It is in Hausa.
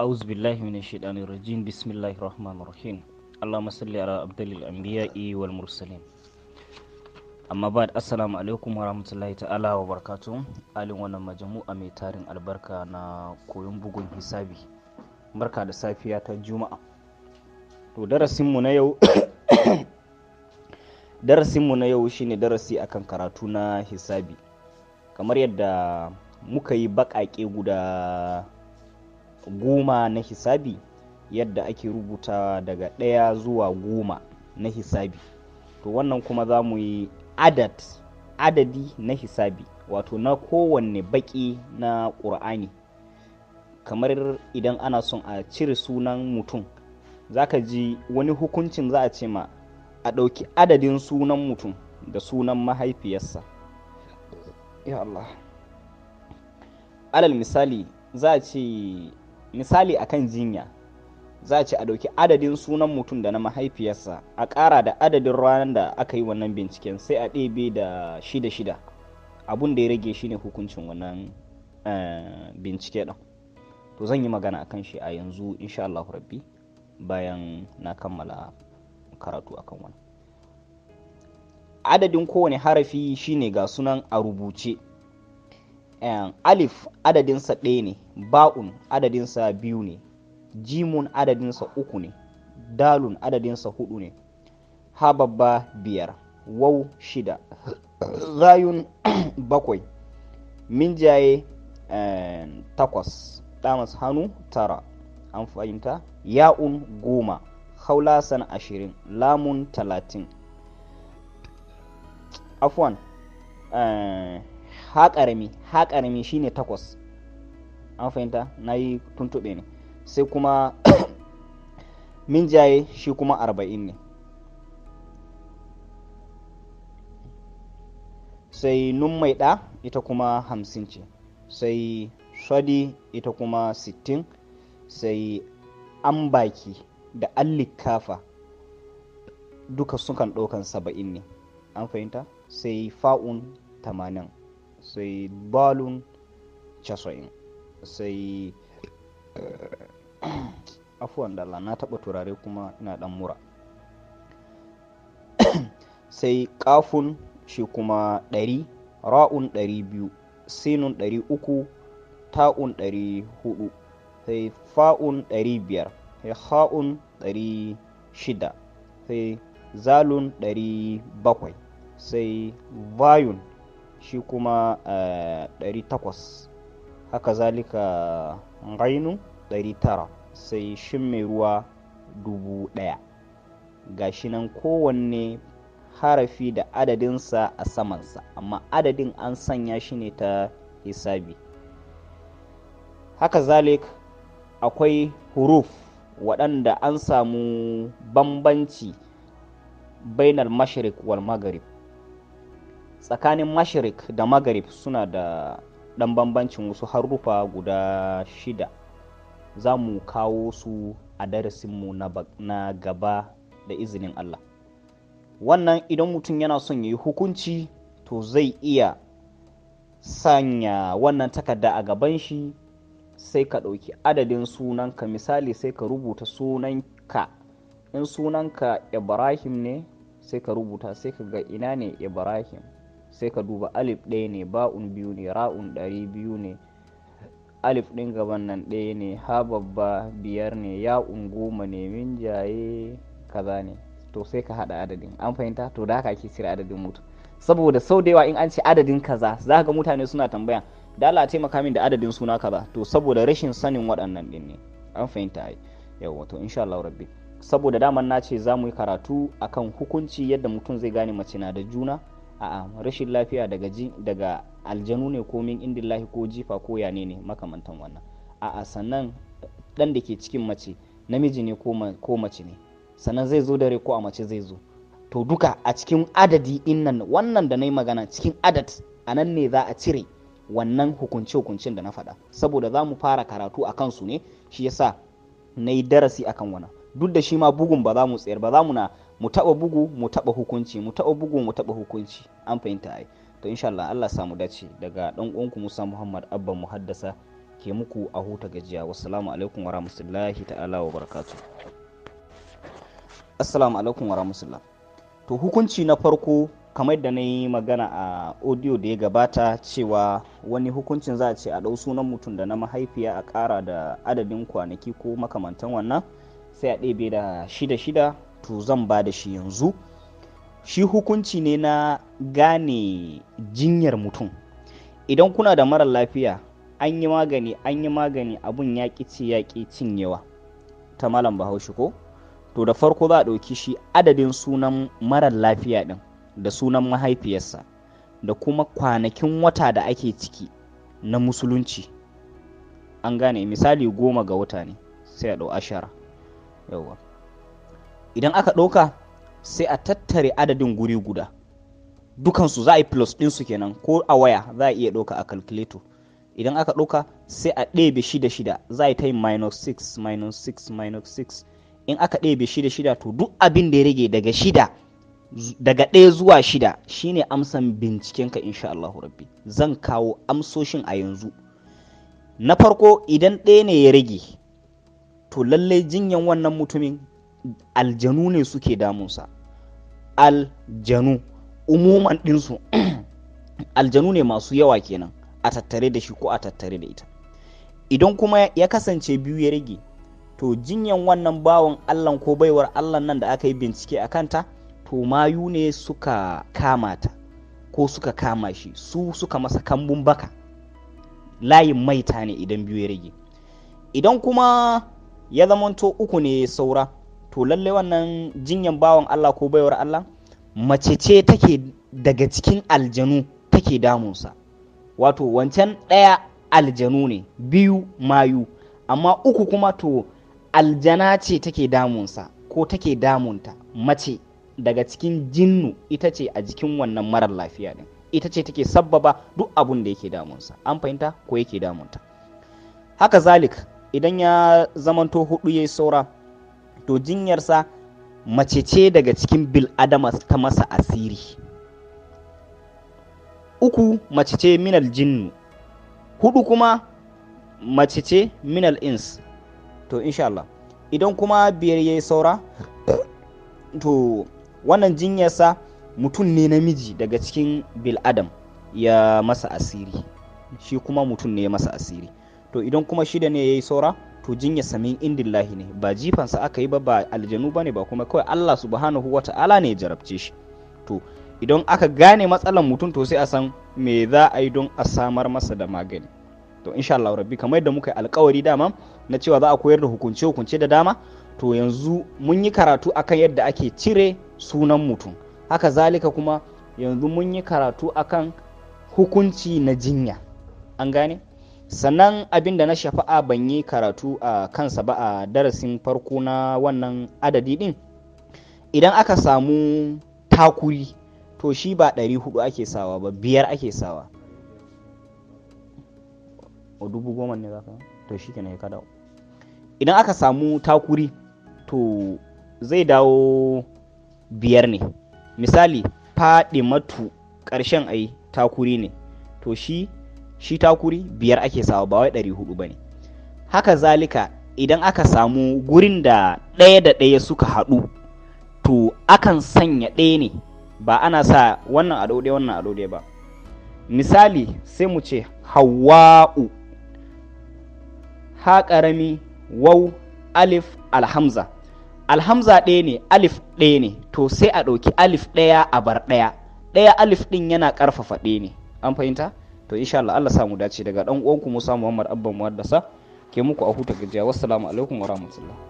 أعوذ بالله من الشيطان الرجيم بسم الله الرحمن الرحيم اللهم صل على عبد الأنبياء والمرسلين amma ba assalamu alaikum wa rahmatullahi ta'ala wa barkatu alin wannan majamu'a mai tarin albarka na koyon bugun hisabi barka da safiya ta juma'a to darasinmu na yau na yau shine darasi akan karatu na hisabi kamar yadda muka yi baƙaƙe guda goma na hisabi yadda ake rubuta daga ɗaya zuwa goma na hisabi to wannan kuma za mu yi adad adadi na hisabi wato na kowanne baƙi na ƙur'ani kamar idan ana son a cire sunan mutum za ka ji wani hukuncin za a ce ma a ɗauki adadin sunan mutum da sunan mahaifiyarsa ya Allah alal misali za a ce misali a kan jinya za a ce a ɗauki adadin sunan mutum da na mahaifiyarsa a ƙara da adadin ranar da aka yi wannan binciken sai a ɗebe da shida shida abun da ya rage shi ne hukuncin wannan eh, bincike ɗin to zan yi magana a kan shi a yanzu insha Allah rabbi bayan na kammala karatu akan wannan adadin kowane harafi shine ga sunan a rubuce alif adadinsa ɗaya ne ba'un adadinsa biyu ne jimun adadinsa uku ne dalun adadinsa hudu ne ha biyar wau shida rayun bakwai minjaye eh, takwas ɗamas hannu tara an fahimta ya'un goma haulasan ashirin lamun talatin afwan eh, ha ƙarami ha ƙarami takwas an fahimta na yi tuntuɓe ne sai kuma minjaye shi kuma arba'in ne sai nun mai ɗa ita kuma hamsin ce sai shadi ita kuma sittin sai ambaki da allikafa duka sukan ɗaukan saba'in ne an fahimta sai fa'un tamanin sai balun casa'in sai eh, afuwan dala na taɓa turare kuma ina ɗan mura sai kafun shi kuma ɗari ra'un ɗari biyu sinun ɗari uku ta'un ɗari hudu sai fa'un ɗari biyar sai ha'un ɗari shida sai zalun ɗari bakwai sai vayun shi kuma 800 eh, haka zalika rainu 900 sai shin mai ruwa 1000 shi nan kowanne harafi da adadinsa a samansa amma adadin an sanya shi ne ta hisabi haka zalik akwai huruf waɗanda an samu bambanci bainar mashirik wal magharib tsakanin mashirik da magarib suna da ɗan bambancin wasu haruffa guda shida za mu kawo su a darasinmu na gaba da izinin Allah wannan idan mutum yana son ya yi hukunci to zai iya sanya wannan takarda a gaban shi sai ka ɗauki adadin sunanka misali sai ka rubuta sunanka in sunanka ibrahim ne sai ka rubuta sai ka ga ina ne ibrahim sai ka duba alif ɗaya ne ba'un biyu ne ra'un ɗari biyu ne alif ɗin gaban nan ɗaya ne ha babba biyar ne ya'un goma ne min jaye kaza ne to sai ka haɗa adadin an fahimta to da haka ake cire adadin mutum saboda sau da yawa in an ce adadin kaza za ka ga mutane suna tambaya da Allah taimaka min da adadin suna kaza to saboda rashin sanin waɗannan ɗin ne an fahimta ai yawa to insha Allah rabbi saboda daman na ce za mu yi karatu akan hukunci yadda mutum zai gane mace na da juna a'a rashin lafiya daga daga aljanu ne ko min indillahi ko jifa ko yane ne makamantan wannan a'a sannan dan da ke cikin mace namiji ne ko mace ne sannan zai zo dare ko a mace zai zo to duka a cikin adadi din wannan da na yi magana cikin adad a nan ne za a cire wannan hukunce-hukuncen da na faɗa saboda za mu fara karatu a kansu ne shi yasa na yi darasi akan wannan duk da shi ma bugun ba za mu tsayar ba za mu na mu taba bugu mu taba hukunci mu taba bugu mu taba hukunci an fahimta ai to insha Allah Allah samu dace daga dan uwanku Musa Muhammad Abba Muhaddasa ke muku a huta gajiya wassalamu alaikum wa rahmatullahi ta'ala wa barakatuh assalamu alaikum wa rahmatullah to hukunci na farko kamar da na yi magana a audio da ya gabata cewa wani hukuncin za a ce a ɗau sunan mutum da na mahaifiya a ƙara da adadin kwanaki ko makamantan wannan sai a ɗebe da shida shida to zan ba da shi yanzu shi hukunci ne na gane jinyar mutum idan kuna da mara lafiya an yi magani an yi magani abun ya ci ya cinyewa ta malam bahaushe ko to da farko za a ɗauki shi adadin sunan mara lafiya ɗin da sunan mahaifiyarsa da kuma kwanakin wata da ake ciki na musulunci an gane misali goma ga wata ne sai a ɗau ashara yawwa idan aka ɗauka sai a tattare adadin guri guda dukansu za a yi plus ɗinsu kenan ko a waya za a iya ɗauka a kalkuleto. idan aka ɗauka sai a ɗebe shida shida za a yi ta yi minus 6 minus 6 minus 6 in aka ɗebe shida shida to duk abin da ya rage daga shida daga ɗaya zuwa shida shine amsan bincikenka insha Allah rabbi zan kawo amsoshin a yanzu na farko idan ɗaya ne ya rage to lallai jinyan wannan mutumin aljanu ne suke damunsa aljanu umuman ɗinsu aljanu ne masu yawa kenan a tattare da shi ko a tattare da ita idan kuma ya kasance biyu ya rage to jinyan wannan bawan allan ko baiwar allan nan da aka yi bincike a kanta to mayu ne suka kama ta ko suka kama shi su suka masa kambun baka layin maita ne idan biyu ya rage idan kuma ya zamanto uku ne saura to lallai wannan jinyan bawan Allah ko baiwar Allah mace ce take daga cikin aljanu take damunsa wato wancan ɗaya aljanu ne biyu mayu amma uku kuma to aljana ce take damunsa ko take damunta mace daga cikin jinnu ita ce a jikin wannan marar lafiya ne. ita ce take sabbaba duk abun da yake damunsa an fahimta ko yake damunta haka zalik idan ya zamanto hudu ya yi saura to jinyarsa mace ce daga cikin bil'adama ta masa asiri uku mace ce minal jinnu hudu kuma mace ce minal ins to insha idan kuma biyar ya yi saura to wannan jinyarsa mutum ne namiji daga cikin bil'adam ya masa asiri shi kuma mutum ne ya masa asiri to idan kuma shida ne yayi saura to jinya samin indillahi ne ba jifansa aka yi ba ba aljanu ba ne ba kuma kawai Allah subhanahu ta'ala ne ya jarabce shi to idan aka gane matsalar mutum to sai a san me za a yi don a samar masa da magani to insha Allah rabbi kamar yadda muka yi alkawari dama na cewa za a koyar da hukunce hukunce da dama to yanzu mun yi karatu akan yadda ake cire sunan mutum haka zalika kuma yanzu mun yi karatu akan hukunci na jinya an gane sannan abin da na shafa'a ban yi karatu a kansa ba a darasin farko na wannan adadi din idan aka samu takuri to shi ba 400 ake sawa ba biyar ake sawa o dubu goma ne zaka to shi kenan kada idan aka samu takuri to zai dawo biyar ne misali faɗi matu ƙarshen ai takuri ne to shi shi takuri biyar ake sawa ba wai ɗari hudu ba ne haka zalika idan aka samu gurin da ɗaya da ɗaya suka haɗu to akan sanya ɗaya ne ba ana sa wannan a ɗaya wannan a ba misali sai mu ce hawa'u ha ƙarami wau alif alhamza alhamza ɗaya ne alif ɗaya ne to sai a ɗauki alif ɗaya a bar ɗaya ɗaya alif ɗin yana ƙarfafa ɗaya ne an fahimta to insha Allah Allah samu dace daga dan uwanku Musa Muhammad Abban Muhaddasa ke muku a huta gajiya wassalamu alaikum wa